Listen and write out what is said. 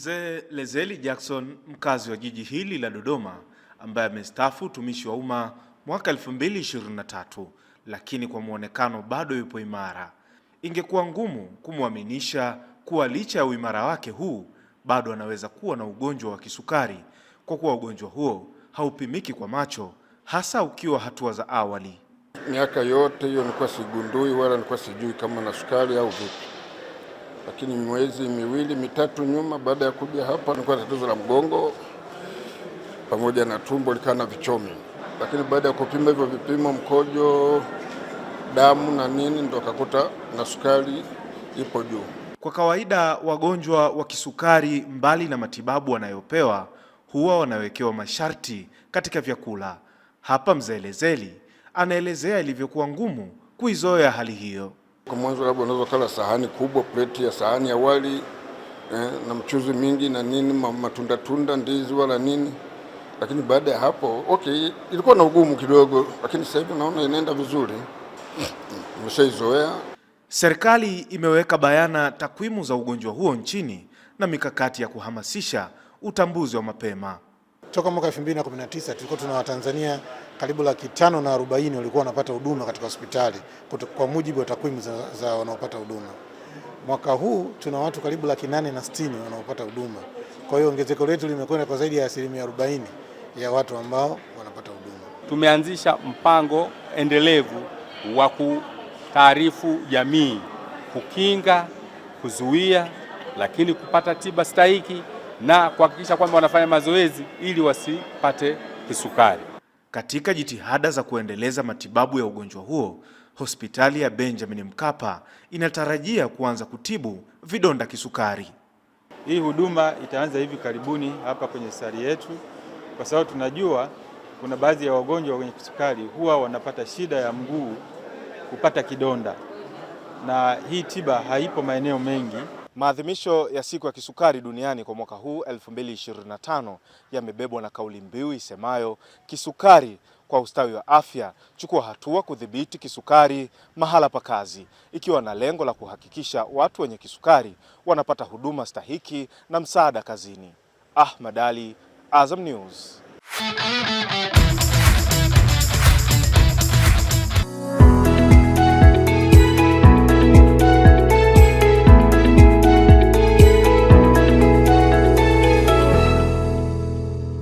Mzee Lezeli Jackson, mkazi wa jiji hili la Dodoma, ambaye amestaafu utumishi wa umma mwaka 2023 lakini kwa muonekano bado yupo imara, ingekuwa ngumu kumwaminisha kuwa licha ya uimara wake huu bado anaweza kuwa na ugonjwa wa kisukari, kwa kuwa ugonjwa huo haupimiki kwa macho, hasa ukiwa hatua za awali. Miaka yote hiyo nilikuwa sigundui wala nilikuwa sijui kama na sukari au vipi lakini mwezi miwili mitatu nyuma, baada ya kuja hapa, nilikuwa na tatizo la mgongo pamoja na tumbo likawa na vichomi, lakini baada ya kupima hivyo vipimo, mkojo, damu na nini, ndo akakuta na sukari ipo juu. Kwa kawaida wagonjwa wa kisukari, mbali na matibabu wanayopewa, huwa wanawekewa masharti katika vyakula. Hapa Mzee Lezeli anaelezea ilivyokuwa ngumu kuizoea hali hiyo. Mwanzo labda unaweza kala sahani kubwa, pleti ya sahani ya wali eh, na mchuzi mingi na nini, matunda tunda, ndizi wala nini, lakini baada ya hapo okay, ilikuwa na ugumu kidogo, lakini sasa hivi naona inaenda vizuri, mm, imeshaizoea Serikali imeweka bayana takwimu za ugonjwa huo nchini na mikakati ya kuhamasisha utambuzi wa mapema. Toka mwaka 2019 tulikuwa tuna Watanzania karibu laki tano na arobaini walikuwa wanapata huduma katika hospitali kwa mujibu wa takwimu za, za wanaopata huduma. Mwaka huu tuna watu karibu laki nane na sitini wanaopata huduma, kwa hiyo ongezeko letu limekwenda kwa zaidi ya asilimia arobaini ya watu ambao wanapata huduma. Tumeanzisha mpango endelevu wa kutaarifu jamii, kukinga, kuzuia, lakini kupata tiba stahiki na kuhakikisha kwamba wanafanya mazoezi ili wasipate kisukari. Katika jitihada za kuendeleza matibabu ya ugonjwa huo, hospitali ya Benjamin Mkapa inatarajia kuanza kutibu vidonda kisukari. Hii huduma itaanza hivi karibuni hapa kwenye sari yetu, kwa sababu tunajua kuna baadhi ya wagonjwa wenye kisukari huwa wanapata shida ya mguu kupata kidonda, na hii tiba haipo maeneo mengi. Maadhimisho ya siku ya kisukari duniani kwa mwaka huu 2025 yamebebwa na kauli mbiu isemayo kisukari kwa ustawi wa afya, chukua hatua kudhibiti kisukari mahala pa kazi, ikiwa na lengo la kuhakikisha watu wenye kisukari wanapata huduma stahiki na msaada kazini. Ahmad ali Azam News.